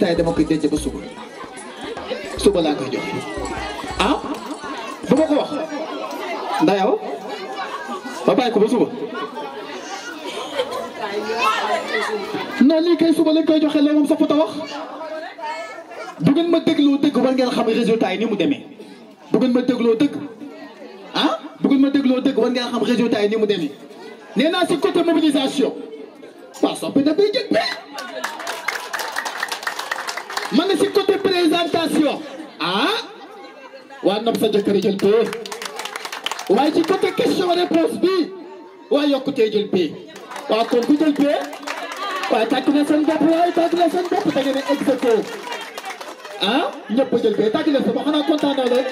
résultat yi dama koy denc ba suba suba laa koy ah yow ba bàyyi ko ba suba non lii kay suba lañ koy joxe la moom sa foto wax bu ngeen ma dégloo dëgg war ngeen xam résultat yi ni mu deme bu ngeen ma dëgg ah ngeen ma dégloo dëgg war ngeen xam résultat yi ni mu demee nee si côté mobilisation waaw soppe dafay jëg ma ne si côté présentation ah waa nopp sa jëkkër jël pay waaye ci côté question réponse bi waa yokkutee jël pay waa kon ku jël pay waaye tàkk na seen bopp waaye tàkk na seen bopp da ngeen a exécuté ah ñëpp jël pay tàkk na sama xanaa kontaan naa rek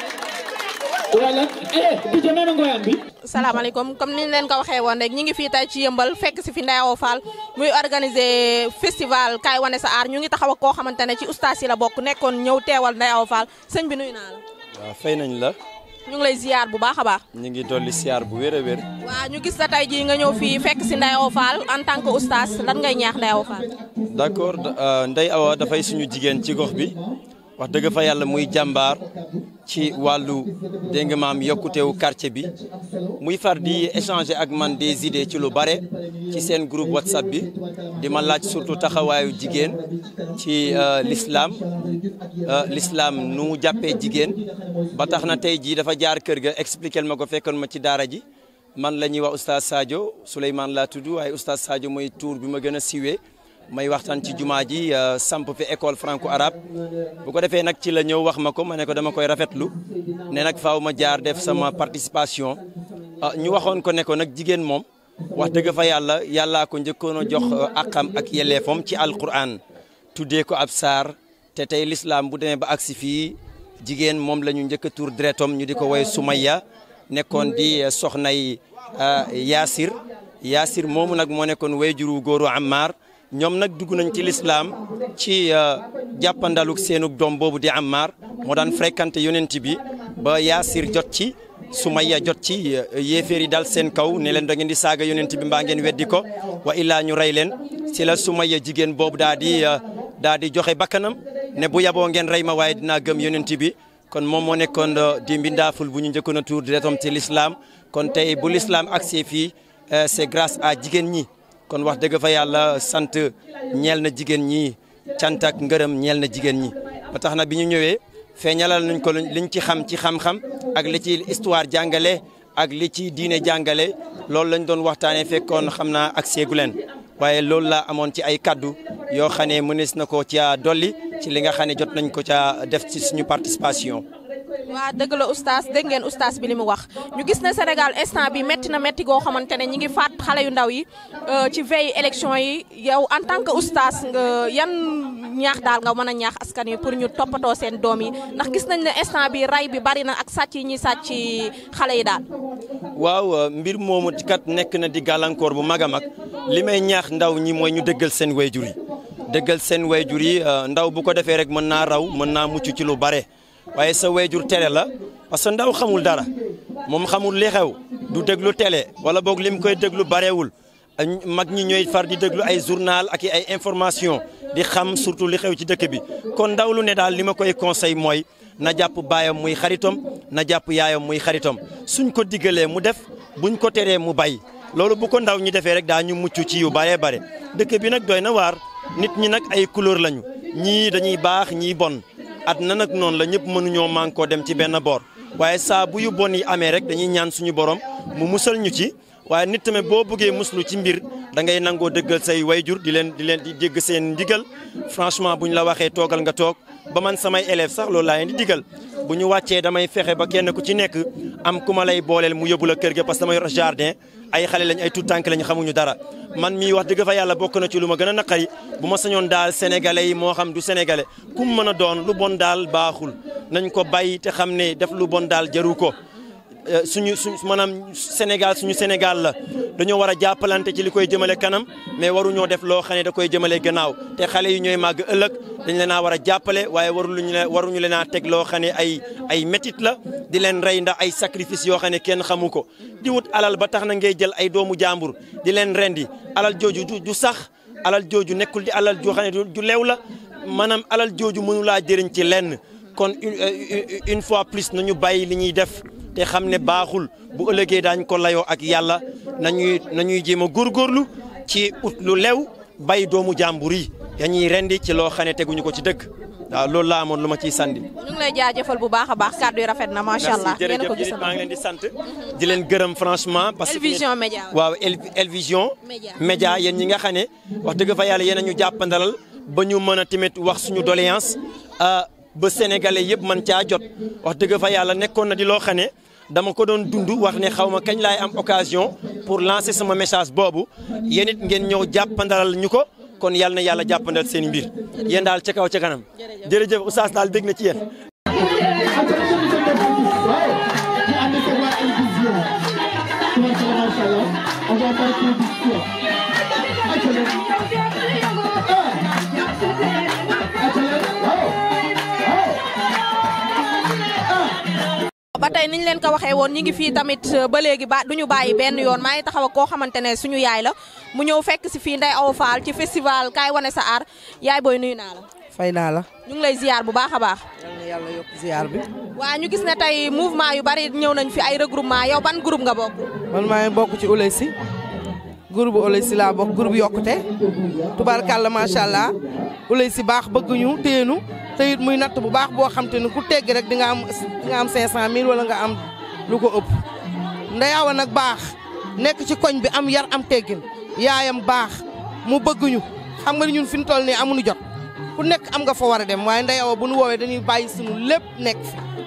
wala eh di jë nana ngoyaan bi salaamaaleykum comme niñ leen ko waxee woon rek ñi ngi fii tey ci yëmbal fekk si fi Ndeye Awa muy organiser festival kaay wane sa aar ñu ngi taxaw ak koo xamante ne ci ustaas yi la bokk nekkoon ñëw teewal Ndeye Awa Fall sëñ bi nuyu naa la waaw fay nañ la ñu ngi lay siyaar bu baax a baax ñu ngi dolli ziar bu wér wér waaw ñu gis sa tey jii nga ñëw fii fekk si Ndeye Awa Fall en tant que ustaas lan ngay ñaax Ndeye Awa Fall d'accord euh, Ndeye dafay suñu jigéen ci gox bi wax dëgg fa yàlla muy jàmbaar ci wàllu dégg nga maam yokkutewu quartier bi muy far di échanger ak man des idées ci lu bare ci seen groupe whatsapp bi di ma laaj surtout taxawaayu jigéen ci euh, l'islam euh, l'islam nu mu jàppee jigéen ba tax na tey jii dafa jaar kër ga expliquer ma ko fekkoon ma ci daara ji man la ñuy wax oustaz Sadio Souleymane laa tudd waaye oustaz Sadio mooy tour bi ma gën a siiwee may waxtaan ci jumaa ji euh, samp fi école franco Arab. bu ko defee nag ci la ñëw wax ma ko ko dama koy rafetlu faaw ma jaar def sama participation ah, ñu waxoon ko ne ko nag jigéen moom wax dëgg fa yàlla yàllaa ko njëkkoon a jox euh, àqam ak yelleefam ci alquran tuddee ko ab saar te tey bu demee ba agsi fii jigéen moom la ñu njëkk dretom ñu di ko Sumayya nekkoon di euh, soxnay Yaasir juru góoru Ammar ñoom nag dugg nañ ci lislaam ci euh, jàppandaluk seenug doom boobu di Ammar moo daan fréquenté yonent bi ba Yaasir jot ci Sumayya jot ci euh, yéeféer yi dal seen kaw ne leen da ngeen di saaga yonent bi mbaa ngeen weddi ko wa illaa ñu rey leen si la Sumayya jigéen boobu daa di euh, daa di joxe bakkanam ne bu yaboo ngeen rey ma waaye dinaa gëm yonent bi kon moom moo nekkoon di mbindaaful bu ñu njëkkoon a tuur di retom ci lislaam kon tey bu lislaam ak see fii c'est grâce à jigéen ñi kon wax dëgg fa yàlla sant ñeel na jigéen ñi cantak ngërëm ñeel na jigéen ñi ba tax na bi ñu ñëwee feeñalal nañ ko liñ ci xam ci xam-xam ak li ci histoire jàngale ak li ci diine jàngale loolu lañ doon waxtaanee fekkoon xam naa ak seegu leen waaye loolu laa amoon ci ay kaddu yoo xam ne mënees na ko ca dolli ci li nga xam ne jot nañ ko ca def ci suñu participation wa deug la oustaz deug ngeen oustaz bi limu wax ñu gis na senegal instant bi metti na metti go xamantene ñi ngi faat xalé yu ndaw yi euh, ci veille election yi yow en tant que oustaz nga yan ñaax dal nga mëna ñaax askan yi pour ñu topato seen doomi ndax gis nañ na instant bi ray bi bari na ak sacc yi ñi sacc ci xale yi dal waaw euh, mbir ci kat nek na di galancor bu magamak limay ñaax ndaw ñi moy ñu deggal seen wayjur yi seen euh, ndaw bu ko defé rek mëna raw mëna muccu ci lu bare waaye sa wayjur tere la parce que ndaw xamul dara moom xamul li xew du déglu tele wala boog lim koy déglu barewul mag ñi ñooy far di déglu ay journal ak ay information di xam surtout li xew ci dëkk bi kon ndaw lu ne daal li ma koy conseil mooy na jàpp baayam muy xaritam na jàpp yaayam muy xaritam suñ ko diggalee mu def buñ ko teree mu bay loolu bu ko ndaw ñi defee rek daa ñu mucc ci yu bare bare dëkk bi nag doy na waar nit ñi nag ay couleur lañu ñii dañuy baax ñii bon àdduna nag noonu la ñëpp mënuñoo mànkoo dem ci benn boor waaye saa bu bon yi amee rek dañuy ñaan suñu borom mu musal ñu ci waaye nit tamit boo bëggee muslu ci mbir da ngay nangoo dëggal say wayjur di leen di leen di dégg seen ndigal franchement bu ñu la waxee toogal nga toog ba man samay élèves sax loolu di digal bu ñu wàccee damay fexe ba kenn ku ci nekk am ku ma lay booleel mu yóbbu la kër gi parce que dama yor jardin ay xale lañ ay tuut tànk lañ xamuñu dara man mii wax dëgg fa yàlla bokk na ci lu ma gën a naqari bu ma sañoon daal sénégalais yi moo xam du sénégalais ku mu mën a doon lu bon daal baaxul nañ ko bàyyi te xam ne def lu bon daal jaru ko Euh, suñu suñ maanaam Sénégal suñu Sénégal la dañoo war a jàppalante ci li koy jëmale kanam mais waruñoo def loo xam ne da koy jëmale gannaaw te xale yi ñooy màgg ëllëg dañ leen a war a jàppale waaye waruñu leen waruñu leen a teg loo xam ne ay ay la di leen rey ndax ay sacrifice yoo xam ne kenn xamu ko di wut alal ba tax na ngay jël ay doomu jàmbur di leen rendi alal jooju ju sax alal jooju nekkul di alal joo xam ne du leew la maanaam alal jooju mënu jëriñ ci lenn kon euh, une fois plus nañu bàyyi li ñuy def te xam ne baaxul bu ëllëgee daañ ko layoo ak yàlla na ñuy nañuy nañuy jéem a góorgóorlu ci ut lu lew bay doomu jàmbur yi dañuy rendi ci loo xam ne teguñu ko ci dëkk waaw loolu laa amoon lu ma ciy sandi. ñu ngi lay bu baax a baax kàddu yi rafet na macha allah. ngeen ko gisal maa ngi leen di sant. di leen gërëm franchement. parce que El Vision waaw El Vision. Média yéen ñi nga xam ne wax dëgg fa yàlla yéen a ñu jàppandalal ba ñu mën a tamit wax suñu doléance euh, ba sénégalais yëpp man caa jot wax dëgg fa yàlla nekkoon na di loo xam ne dama ko doon dund wax ne xaw ma kañ laay am occasion pour lancer sama message boobu yéen ngeen ñëw jàppandalal ñu ko kon yàlla na yàlla jàppandal seen mbir yéen daal ca kaw ca kanam jërëjëf oustaz daal dégg na ci yéen. ba tey niñ leen ko waxee woon ñi ngi fii tamit euh, ba léegi ba duñu bàyyi benn yoon maa ngi taxaw koo xamante ne suñu yaay la mu ñëw fekk si fii Ndeye Awa Fall ci festival kaay wane sa aar yaay booy nuyu naa la fay naa la ñu ngi lay ziar bu baax a baax yàlla yàlla bi waa ñu gis ne tey mouvement yu bari ñëw nañ fi ay regroupement yow ban groupe nga bokk man maa ngi bokk ci ulay si groupe Oley si laa bokk groupe yokkute tubaarkàlla macha allah Oley si baax bëgguñu téenu te it muy natt bu baax boo xam te ni ku tegg rek di nga am di nga am 500000 wala nga am lu ko ëpp. ndeyaawa nag baax nekk ci koñ bi am yar am teggin yaayam baax mu bëgguñu xam nga ni ñun fi ñu toll nii amuñu jot ku nekk am nga fa war a dem waaye ndeyaawa bu nu woowee dañuy bàyyi sunu lépp nekk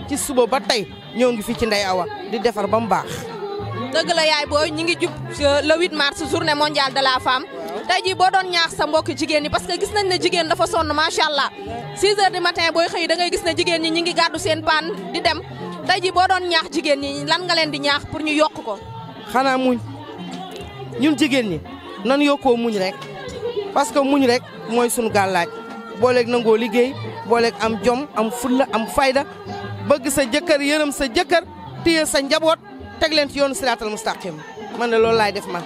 ci suba ba tey ñoo ngi fi ci ndeyaawa di defar ba mu baax. dëgg la yaay booy ñu ngi jub euh, le 8 mars journée mondiale de la femme tey jii boo doon ñaax sa mbokk jigéen ñi parce que gis nañ ne jigéen dafa sonn macha allah 6 heures du matin booy xëy da ngay gis ne jigéen ñi ñu ngi gàddu seen paan di dem tey jii boo doon ñaax jigéen ñi lan nga leen di ñaax pour ñu yokk ko. xanaa muñ ñun jigéen ñi nan yokkoo muñ rek parce que muñ rek mooy sunu gàllaaj booleeg nangoo liggéey booleeg am jom am fulla am fayda bëgg sa jëkkër yërëm sa jëkkër téye sa njaboot. teg leen ci yoonu siraatal mustaqim man ne loolu laay def man.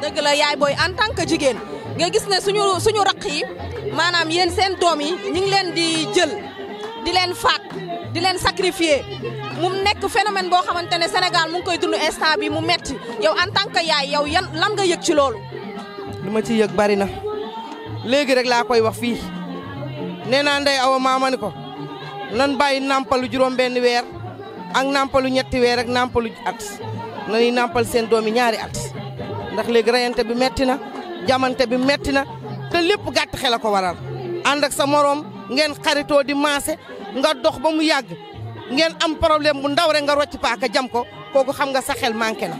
dëgg la yaay booy en tant que jigéen nga gis ne suñu suñu raq yi maanaam yéen seen doom yi ñu ngi leen di jël di leen faat di leen sacrifier mu nekk phénomène boo xamante ne Sénégal mu ngi koy dund instant bi mu metti yow en tant que yaay yow yan lan nga yëg ci loolu. li ma ci yëg bari na léegi rek laa koy wax fii nee naa ndey awa maamani ko nan bàyyi nàmpalu juróom benn weer. ak nampalu ñetti wër ak nampalu at nañuy nampal seen doomi ñaari at ndax leg rayante bi metti na jamante bi metti na te lepp gatt xel ko waral and ak sa morom ngeen xarito di masé nga dox ba mu ngeen am problème bu ndaw rek nga rocc paaka jam ko koku xam nga sa xel manké na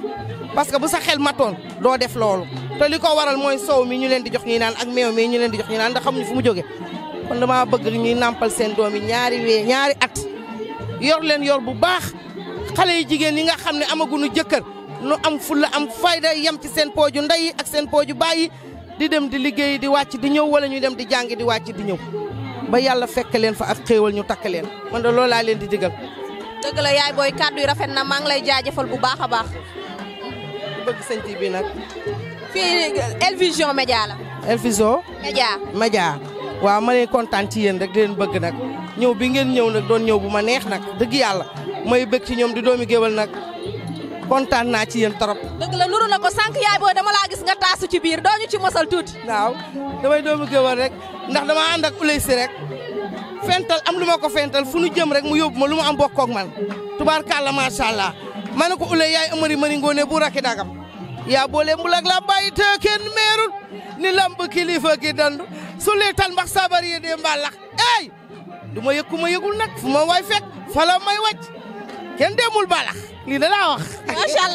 parce que bu sa xel maton do def lool te liko waral moy soow mi ñu leen di jox ñi naan ak meew mi ñu leen di jox ñi naan xam ñu fu mu joggé kon dama bëgg ñi nampal seen doomi ñaari wé ñaari at yor leen yor bu baax xale yu jigéen yi nga xam ne amaguñu jëkkër nu am fulla am fayda yem ci seen pooju ndey ak seen pooju bàyyi di dem di liggéey di wàcc di ñëw wala ñu dem di jàngi di wàcc di ñëw ba yàlla fekk leen fa ak xéewal ñu takk leen man de loolu laa leen di digal. dëgg la yaay booy kàddu yi rafet na maa ngi lay jaajëfal bu baax a baax. bëgg seen TV bi nag. fii El Vision Média El Vision. Média Média. waaw ma lay kontaan ci yéen rek di leen bëgg nag ñëw bi ngeen ñëw nag doon ñëw bu ma neex nag dëgg yàlla may bëgg ci ñoom di doomi géwal nag kontaan naa ci yéen trop. dëgg la nuru na ko sànq yaay boo dama laa gis nga taasu ci biir doo ñu ci mosal tuuti. waaw damay doomi géwal rek ndax dama ànd ak ulay si rek fental am lu ko fental fu nu jëm rek mu yóbbu ma lu ma am bokk ak man tubaar kàlla macha allah ma ne ko ulay yaay amari mari ngoone bu rakki dagam yaa boole su lee tal mbax sabar ye dee lax ey du ma yëg ma yëgul nag fu ma way fekk fa may wàcc kenn demul ba lax lii laa wax macha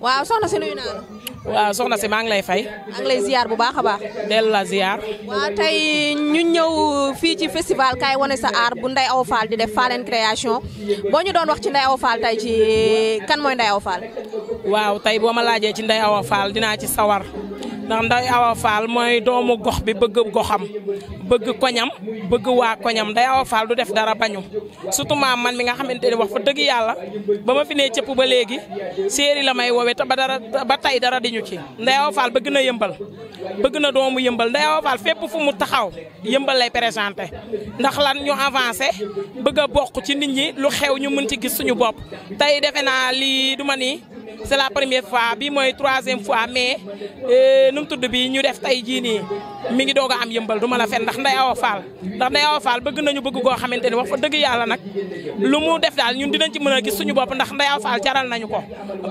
waaw soxna si nuyu naa waaw soxna si maa ngi lay fay. maa ngi bu baax a baax. dellu la ziar. waaw tey ñu ñëw fii ci festival kaay wane sa aar bu Ndeye Awa Fall di def Fallène création boo ñu doon wax ci Ndeye Awa Fall tey ci kan mooy Ndeye Awa Fall. waaw tey boo ma laajee ci Ndeye Awa Fall dinaa ci sawar. ndax nday awa fall moy doomu gox bi bëgg goxam bëgg koñam bëgg wa koñam nday awa faal du def dara bañu sutuma man mi nga xamanteni wax fa dëgg yalla bama fi nee cëpp ba légui séri la may wowe ta ba dara ba tay dara di ci nday awa faal bëgg na yëmbal bëgg na doomu yëmbal nday awa fall fepp fu mu taxaw yëmbal lay présenter ndax lan ñu avancer bëgg bokku ci nit ñi lu xew ñu mën ci gis suñu bop tay defena li duma ni c'est la première fois bi mooy troisième fois mais euh, nu mu tudd bi ñu def tey jii nii mi ngi doog am yëmbal du ma la fen ndax Ndeye Awa Fall ndax Ndeye Awa Fall bëgg nañu bëgg goo xamante ni wax fa dëgg yàlla nag lu mu def daal ñun dinañ ci mën a gis suñu bopp ndax Ndeye Awa Fall jaral nañu ko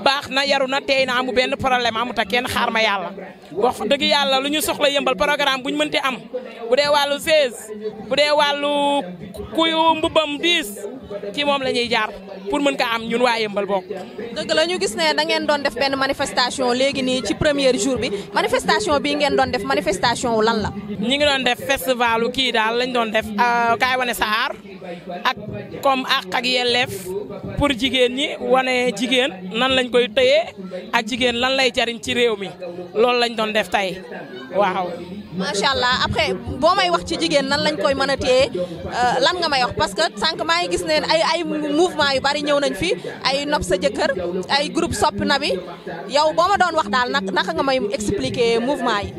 baax na yaru na teey na amu benn problème amu tak kenn xaar ma yàlla wax fa dëgg yàlla lu ñu soxla yëmbal programme buñ mënti am bu dee wàllu 16 bu dee wàllu kuyu mbubam 10 ci moom la jaar pour mën ka am ñun waa yëmbal bokk ngeen doon def benn manifestation léegi nii ci première jour bi manifestation bii ngeen doon def manifestation wu lan la. ñi ngi doon def festivalu kii daal lañ doon def euh, kaay wane sa aar ak comme àq ak yelleef pour jigéen ñi wane jigéen nan lañ koy téye ak jigéen lan lay jariñ ci réew mi loolu lañ doon def tey waaw. macha allah après boo may wax ci jigéen nan lañ koy mën a téye euh, lan nga may wax parce que sànq maa ngi gis ne ay ay mouvement yu bari ñëw nañ fi ay nopp sa jëkkër ay groupe soppi na bi yow boo ma doon wax daal nag naka nga may expliquer mouvement yi.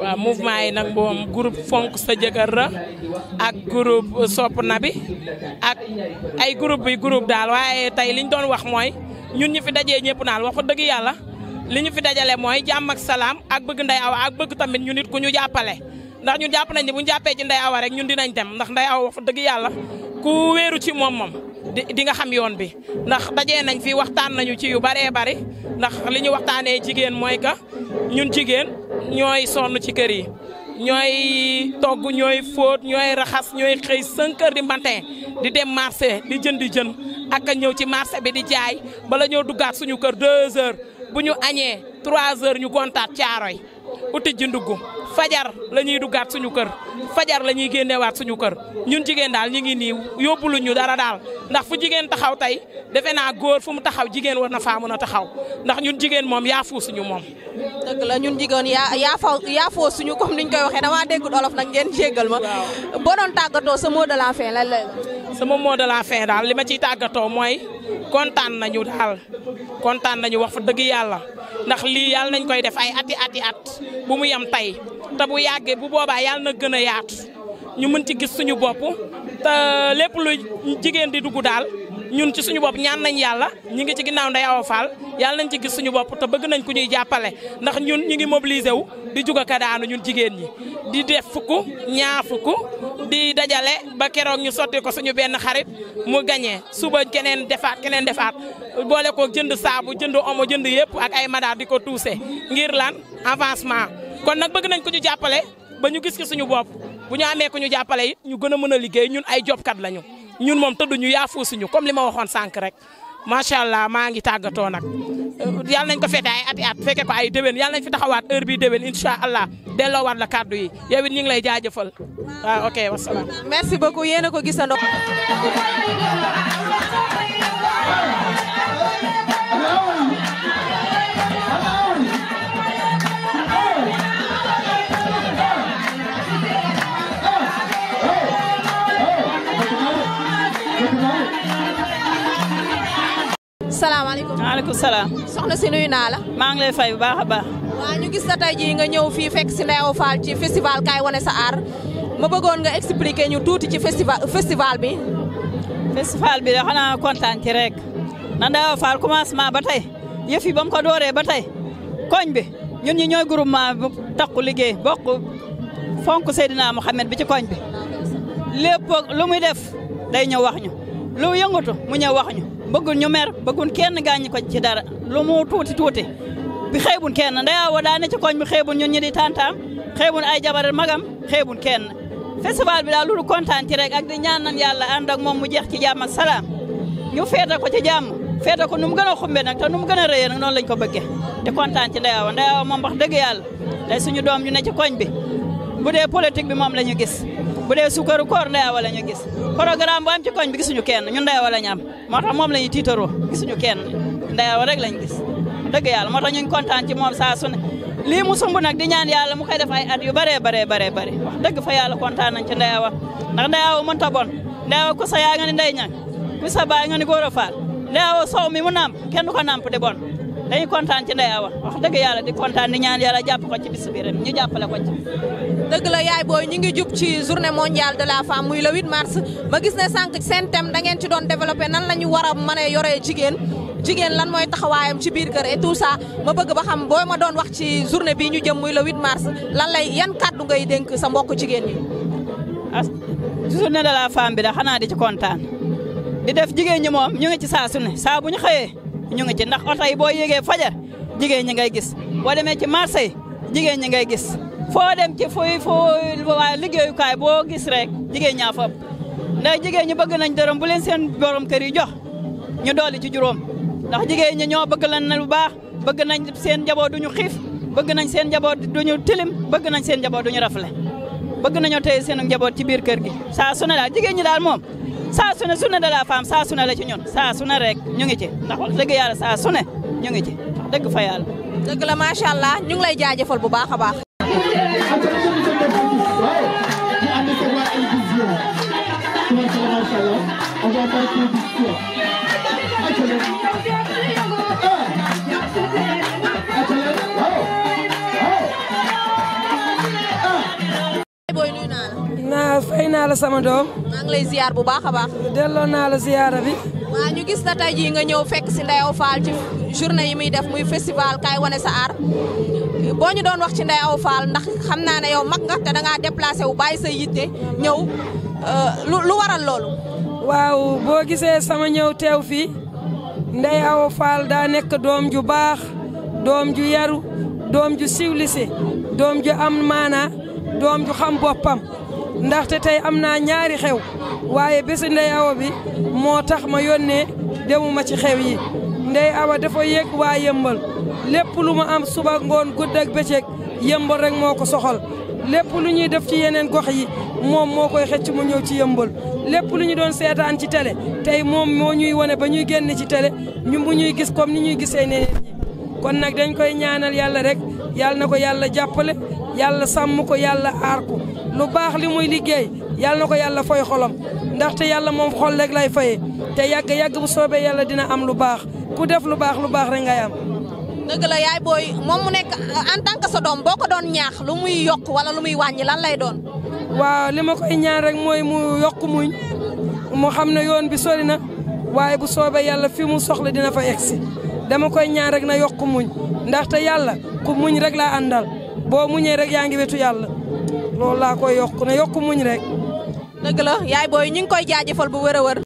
waaw mouvement yi nag moom groupe fonk sa jëkkër la ak groupe sopp na bi ak ay groupe bi groupe daal waaye tey li ñu doon wax mooy ñun ñu fi dajee ñëpp naal wax dëgg yàlla li ñu fi dajale mooy jàmm ak salaam ak bëgg Ndeye Awa ak bëgg tamit ñun nit ku ñu jàppale ndax ñun jàpp nañ ne bu ñu jàppee ci Ndeye Awa rek ñun di nañ dem ndax Ndeye Awa wax dëgg yàlla ku wéeru ci moom moom di nga xam yoon bi ndax daje nañ fi waxtaan nañu ci yu baree bari ndax li ñu waxtaanee jigéen mooy que ñun jigéen ñooy sonn ci kër yi ñooy togg ñooy fóot ñooy raxas ñooy xëy 5 heures du matin di dem marché di jënd di jën ak a ñëw ci marché bi di jaay bala ñoo duggaat suñu kër 2 heures bu ñu añee 3 heures ñu gontaat caaroy uti ji ndugg fajar la ñuy duggaat suñu kër fajar la ñuy génnewaat suñu kër ñun jigéen daal ñu ngi nii yóbbulu ñu dara daal ndax fu jigéen taxaw tey defe naa góor fu mu taxaw jigéen war na faa mën a taxaw ndax ñun jigéen moom yaa fuu suñu moom dëgg la ñun jigéen yaa yaa fa yaa foo suñu comme niñ koy waxee damaa déggul olof nag ngeen jéggal ma boo doon tàggatoo sa mot de la fin lan la sama mot de la fin daal li ma ciy tàggatoo mooy kontaan nañu daal kontaan nañu wax fa dëgg yàlla ndax lii yàlla nañ koy def ay ati ati at bu mu yem tey te bu yàggee bu boobaa yàlla na gën a yaatu. ñu mën ci gis suñu bopp te lépp lu jigéen di dugg daal ñun ci suñu bopp ñaan nañ yàlla ñi ngi ci ginnaaw nda Awa Fall yàlla nañ ci gis suñu bopp te bëgg nañ ku ñuy jàppale ndax ñun ñu ngi mobiliser wu di jug ak daanu ñun jigéen ñi di def fukk ñaar fukk di dajale ba keroog ñu sotti ko suñu benn xarit mu gañe suba keneen defaat keneen defaat boole ko jënd saabu jënd omo jënd yëpp ak ay madaar di ko tuuse ngir lan avancement kon nag bëgg nañ ku ñu ba ñu gis ki suñu bopp bu ñu amee ñu jàppale it ñu gën a mën a liggéey ñun ay jobkat lañu ñun moom ñu yaa fuusuñu comme li ma waxoon sànq rek macha allah maa ngi tàggatoo nag euh, yàlla nañ ko feete ay at i at fekke ko ay déwén yàlla nañ fi taxawaat heure bii déwén incha allah delloowaat la kàddu yi yow it ñu ngi lay jaajëfal waaw ok wasalaam. merci beaucoup yéen a ko gisandoo. salaamaaleykum. maaleykum salaam. soxna si nuyu naa la. maa ngi lay fay bu baax a baax. waa gis la tey jii nga ñëw fii fekk si Ndeye Awa ci festival Kaay Wane Sa Art ma bëggoon nga expliquer ñu tuuti ci festival festival bi. festival bi de xanaa kontaan ci rek na Ndeye Awa Fall commencement ba tey yëf yi ba ko dooree ba tey koñ bi ñun ñi ñooy groupement bu takku liggéey bokk fonk Seydina Mouhamed bi ci koñ bi lépp lu muy def day ñëw wax ñu lu yëngatu mu ñëw wax ñu. bëggul ñu mer bëggul kenn gaañi ko ci dara lu mu tuuti tuuti bi xeebun kenn ndeyaa wa daa ne ci koñ bi xeebun ñun ñi di tantaam xeebun ay jabar magam xeebun kenn festival bi daal lu dul kontaan ci rek ak di ñaanan yàlla ànd ak moom mu jeex ci jàmm ak salaam ñu feete ko ci jàmm feete ko nu mu gën a xumbe nag te nu mu gën a reye nag noonu lañ ko bëggee di kontaan ci ndeyaa wa ndeyaa wa moom wax dëgg yàlla day suñu doom ñu ne ci koñ bi bu dee politique bi moom la ñu gis bu dee sukkaru koor ndeyaawa la ñu gis programme bu am ci koñ bi gisuñu kenn ñun ndeyaawa la ñu am moo tax moom la ñuy tiitaroo gisuñu kenn ndeyaawa rek lañ gis dëgg yàlla moo tax ñu kontaan ci moom saa su ne lii mu sumb nag di ñaan yàlla mu kay def ay at yu baree baree baree bare wax dëgg fa yàlla kontaan nañ ci ndeyaawa ndax ndeyaawa mën ta bon ndeyaawa ku sa yaa nga ni ndey ñang ku sa baay nga ni góor a faal ndeyaawa soow mi mu nàmp kenn du ko nàmp di bon dañu kontaan ci Ndeye Awa wax dëgg yàlla di kontaan di ñaan yàlla jàpp ko ci bis bi ren ñu jàppale ko ci. dëgg la yaay booy ñu ngi jub ci journée mondiale de la femme muy le 8 mars ma gis ne sànq seen thème da ci doon développé nan la ñu war a mën yoree jigéen. jigéen lan mooy taxawaayam ci biir kër et tout ma bëgg ba xam boo ma doon wax ci journée bii ñu jëm muy le 8 mars lan lay yan kàddu ngay dénk sa mbokk jigéen ñi. as journée de la bi da xanaa di ci kontaan di def jigéen ñi moom ñu ngi ci saa su ne saa bu ñu xëyee ñu ngi ci ndax oto yi boo yéegee fajar jigéen ñi ngay gis boo demee ci marché yi jigéen ñi ngay gis foo dem ci fuy fu waa liggéeyukaay boo gis rek jigéen ñaa fab ndax jigéen ñi bëgg nañ dërëm bu leen seen borom kër yi jox ñu dolli ci juróom ndax jigéen ñi ñoo bëgg lan na lu baax bëgg nañ seen njaboot duñu xiif bëgg nañ seen njaboot duñu tilim bëgg nañ seen njaboot duñu rafle bëgg nañoo téye seen njaboot ci biir kër gi saa su ne daal jigéen ñi daal moom saa su ne journée de la femme saa sune la ci ñun saa su ne rek ñu ngi ci ndax dëgg yàlla saa su ne ñu ngi ci dëgg fa dëgg la macha allah ñu ngi lay jaajëfal bu baax a baax. sama doom. maa ngi lay ziar bu baax a baax. delloo naa la ziara bi. waa ñu gis la tey jii nga ñëw fekk si Ndeye Awa Fall ci yi muy def muy festival kaay wane sa aar boo ñu doon wax ci Ndeye Awa Fall ndax xam naa ne yow mag nga te da ngaa déplacé wu bàyyi sa yitte ñëw euh, lu waral loolu. waaw boo gisee sama ñëw teew fii Ndeye Awa Fall daa nekk doom ju baax doom ju yaru doom ju siwlise doom ju am maanaa doom ju xam boppam. ndaxte tey am naa ñaari xew waaye bési ndey awa bi moo tax ma yónnee demuma ci xew yi ndey awa dafa yéeg waa yëmbal lépp lu ma am suba ngoon gudd ak bëccëg yëmbal rek moo ko soxal lépp lu ñuy def ci yeneen gox yi moom moo koy xëcc mu ñëw ci yëmbal lépp lu ñu doon seetaan ci télé tey moom moo ñuy wone ba ñuy génn ci télé ñu mu ñuy gis comme ni ñuy gisee neneen kon nag dañ koy ñaanal yàlla rek yàlla na ko yàlla jàppale yàlla sàmm ko yàlla aar lu baax li muy liggéey yàlla na ko yàlla fay xolam ndaxte yàlla moom xol rek lay fayee te yàgg yàgg bu soobee yàlla dina am lu baax ku def lu baax lu baax rek ngay am. dëgg la yaay booy moom mu nekk en tant que doom boo ko doon ñaax lu muy yokk wala lu muy wàññi lan lay doon. waaw li ma koy ñaan rek mooy mu yokk muñ mu xam ne yoon bi sori na waaye bu soobee yàlla fi mu soxla dina fa egsi dama koy ñaan rek na yokk muñ ndaxte yàlla ku muñ rek laa àndal boo muñee rek yaa ngi wetu yàlla. loolu laa koy yokk ne yokk muñ rek. dëgg la yaay booy ñu ngi koy jaajëfal bu wër a wër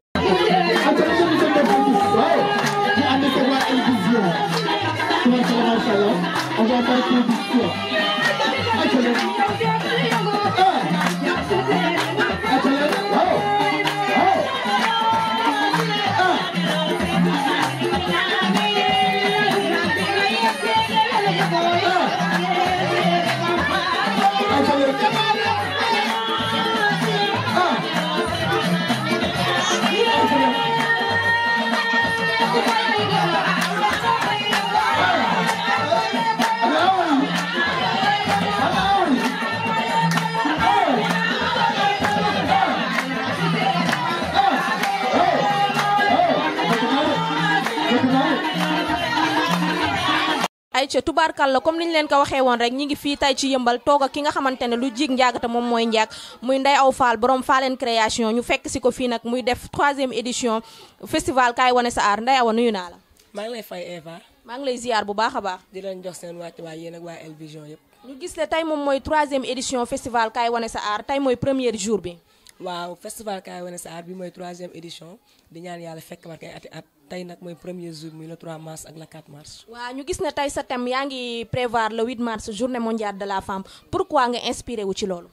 ca tubaarkal la comme niñ leen ko waxee woon rek ñi ngi fii tay ci yëmbal toog ak ki nga xamante ne lu jig njaagata moom mooy njaag muy nday aw faal borom faaleen création ñu fekk si ko fii nag muy def troisième édition festival kaay wane sa aar nday awa nuyu naa la maa ngi lay fay Eva maa ngi lay ziar bu baax a di leen jox seen wàcc waay yéen waa El yëpp ñu gis le tey moom mooy troisième édition festival kaay wane sa aar tey mooy premier jour bi waaw festival kaay wane sa art bi mooy troisième édition di ñaan yàlla fekk barke ay at tey nag mooy premier jour muy le 3 mars ak le 4 mars. waaw ñu gis ne tey sa thème yaa ngi prévoir le 8 mars journée mondiale de la femme pourquoi nga inspiré wu ci loolu.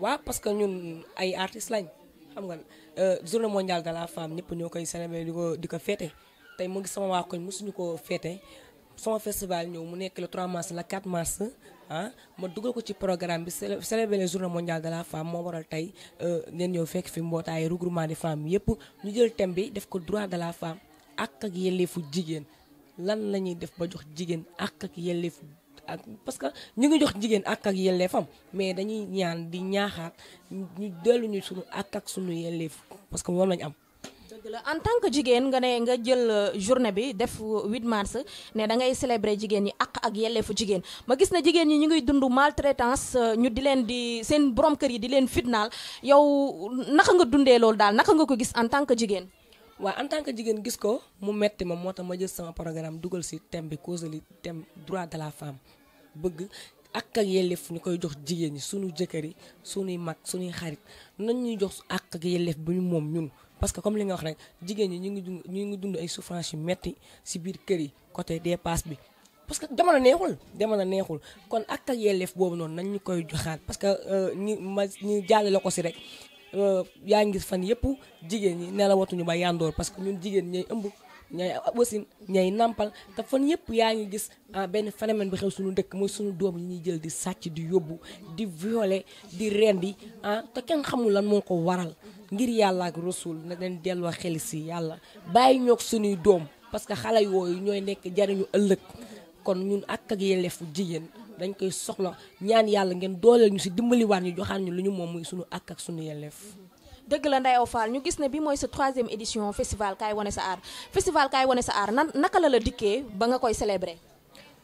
waaw parce que ñun ay artistes lañ xam nga euh, journée mondiale de la femme ñëpp ñoo koy célébrer di ko di ko féete tey mu ngi sama waa koñ mosuñu ko féete sama festival ñëw mu nekk le 3 mars la 4 mars ah, ma dugal ko ci programme bi célébrer les journée mondiale de la femme moo waral tey euh, ngeen ñëw fekk fi mbootaay regroupement de femmes yépp ñu jël thème bi def ko droit de la femme ak ak yelleefu jigéen lan la ñuy def ba jox jigéen ak ak yelleefu ak parce que ñu ngi jox jigéen ak ak yelleefam mais dañuy ñaan di ñaaxaat ñu delluñu suñu ak ak suñu yelleef parce que moom lañu am en tant que jigen nga ne nga jël euh, journée bi def 8 mars ne da ngay célébrer jigeni ñi ak ak yelleefu jigen ma gis na jigéen ñi ngi dund maltraitance euh, ñu di len di seen borom kër yi di len fitnal yow naka nga dundé lool dal naka nga ko gis en tant que jigen wa en tant que jigen gis ko mu metti mom motax ma jël sama programme dugal si thème bi li thème droit de la femme bëgg ak ak yelleef ñu koy jox jigen ñi suñu jëkëri suñu suñuy mag xarit nañ ñuy jox ak ak bu mom ñun parce que comme li nga wax rek jigéen ñi ñu ngi dund ñu ngi dund ay souffrance yu metti si biir kër yi côté dépasse bi parce que jamono neexul jamono neexul kon ak ak yelleef boobu noonu nañ ñu koy joxaat parce que ni euh, ma ñu jàllale ko si rek euh, yaa ngi fan yëpp jigéen ñi nelawatuñu ba yandoor parce que ñun jigéen ñi ñooy ëmb ñay wasin ñay nàmpal te fan yëpp yaa ngi gis ah, benn phénomène bi xew suñu dëkk mooy suñu doom yi ñuy jël di sàcc di yóbbu di violer di rendi ah te kenn xamul lan moo ko waral ngir yàlla ak rasul na leen delloo xel si yàlla bàyyi ñoog suñuy doom parce que xale yooyu ñooy nekk jariñu ëllëg kon ñun ak ak yelleefu jigéen dañ koy soxla ñaan yàlla ngeen dooleel ñu si dimbaliwaat ñu joxaan ñu lu ñu moom muy suñu ak ak suñu yelleef deug la Ndeye Awa Fall ñu gis ne bi mooy sa troisième édition festival kay woné sa art festival kay woné sa art nan naka la la dikkee ba nga koy célébrer.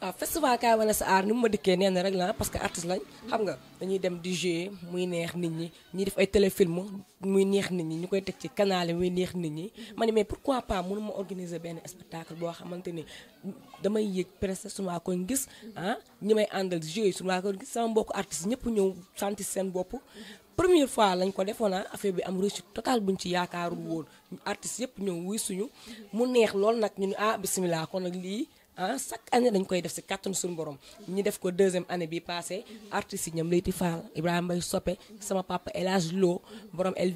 ah festival kay woné sa art ni mu ma dikkee nee rek la parce que artiste lañ xam nga dañuy dem di jouer muy neex nit ñi ñi def ay téléfilm muy neex nit ñi ñukoy koy ci canal muy neex nit ñi ma mais pourquoi pas mënu ma organiser ben spectacle bo xamanteni ni damay yëg presque su ma ko gis ah ñi may andal jouer su ma ko gis sama bokk artiste ñëpp ñew santi seen bop première fois lañ ko defoon naa ah, affaire bi am réussite totale buñ ci yaakaarul woon artistes yëpp ñëw wuy suñu mu neex lool nag ñu ne ah bisimilah kon nag lii ah chaque année dañ koy def si kàttanu suñu boroom ñu def ko deuxième année bi passé artistes yi ñoom Leyti Fall Ibrahima Mbaye Soppe sama papa élage Hadj Lo borom El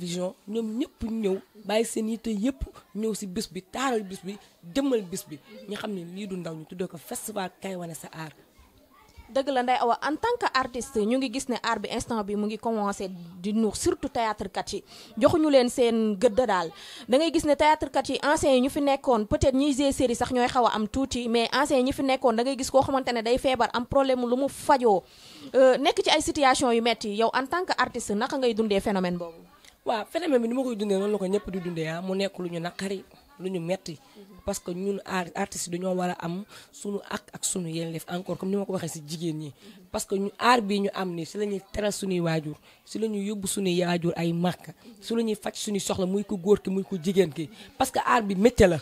ñoom ñëpp ñëw bàyyi seen yitte yëpp ñëw si bis bi taaral bis bi jëmmal bis bi ñu xam ne lii du ndaw ñu tuddee ko festival Kaay Wane Sa Art dëgg la Ndeye Awa en tant que artist ñu ngi gis ne art bi instant bi mu ngi commencé di nuux surtout théâtre kat yi joxuñu leen seen gëdd daal da ngay gis ne théâtre kat yi anciens yi ñu fi nekkoon peut-être ñiy gée série sax ñooy xaw am tuuti mais anciens yi ñu fi nekkoon da ngay gis koo xamante ne day feebar am problème lu mu fajoo euh, nekk ci ay situation yu metti yow en tant que artiste naka ngay dundee phénomène boobu waaw phénomène bi ni ma koy dundee noonu la ko ñëpp di dundee ah, mu nekk lu ñu naqari lu ñu metti parce que ñun artistes dañoo war a am sunu ak ak sunu yelleef encore comme ni ma ko waxee si jigéen ñi. parce que ñu aar bi ñu am ni si la ñuy teral sunuy waajur si la ñuy yóbbu sunuy waajur ay màkk su la ñuy faj suñuy soxla muy ku góor ki muy ko jigéen ki parce que aar bi métier la.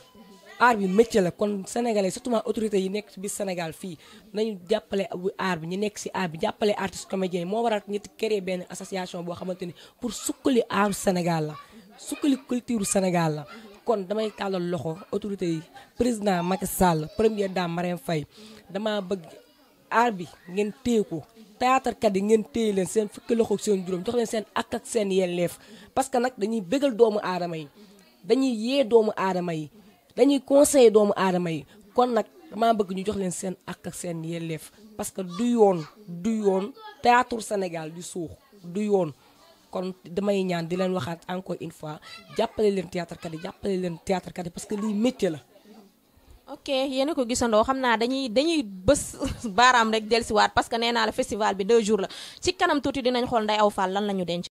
aar bi métier la kon sénégalais surtout autorité yi nekk si biir Sénégal fii nañu jàppale aar bi ñu nekk si aar bi jàppale artiste comédien yi moo waral ñetti créé benn association boo xamante ni pour sukkali aaru Sénégal la sukkali culture kon damay tàllal loxo autorité yi président Macky Sall première dame Marème fay dama bëgg aar bi ngeen téye ko théâtre kat yi ngeen téye leen seen fukki loxo ak seen juróom jox leen seen ak ak seen yelleef parce que nag dañuy bégal doomu aadama yi dañuy yee doomu aadama yi dañuy conseiller doomu aadama yi kon nag damaa bëgg ñu jox leen seen ak ak seen yelleef parce que du yoon du yoon théâtre Sénégal di suux du yoon kon damay ñaan di leen waxaat encore une fois jàppale leen théâtre kat yi jàppale leen théâtre kat yi parce que lii métier la. ok yéen a ko gisandoo xam naa dañuy dañuy bés baaraam rek dellusiwaat parce que nee naa la festival bi deux jours la ci kanam tuuti dinañ xool Ndeye Awa Fall lan la ñu denc.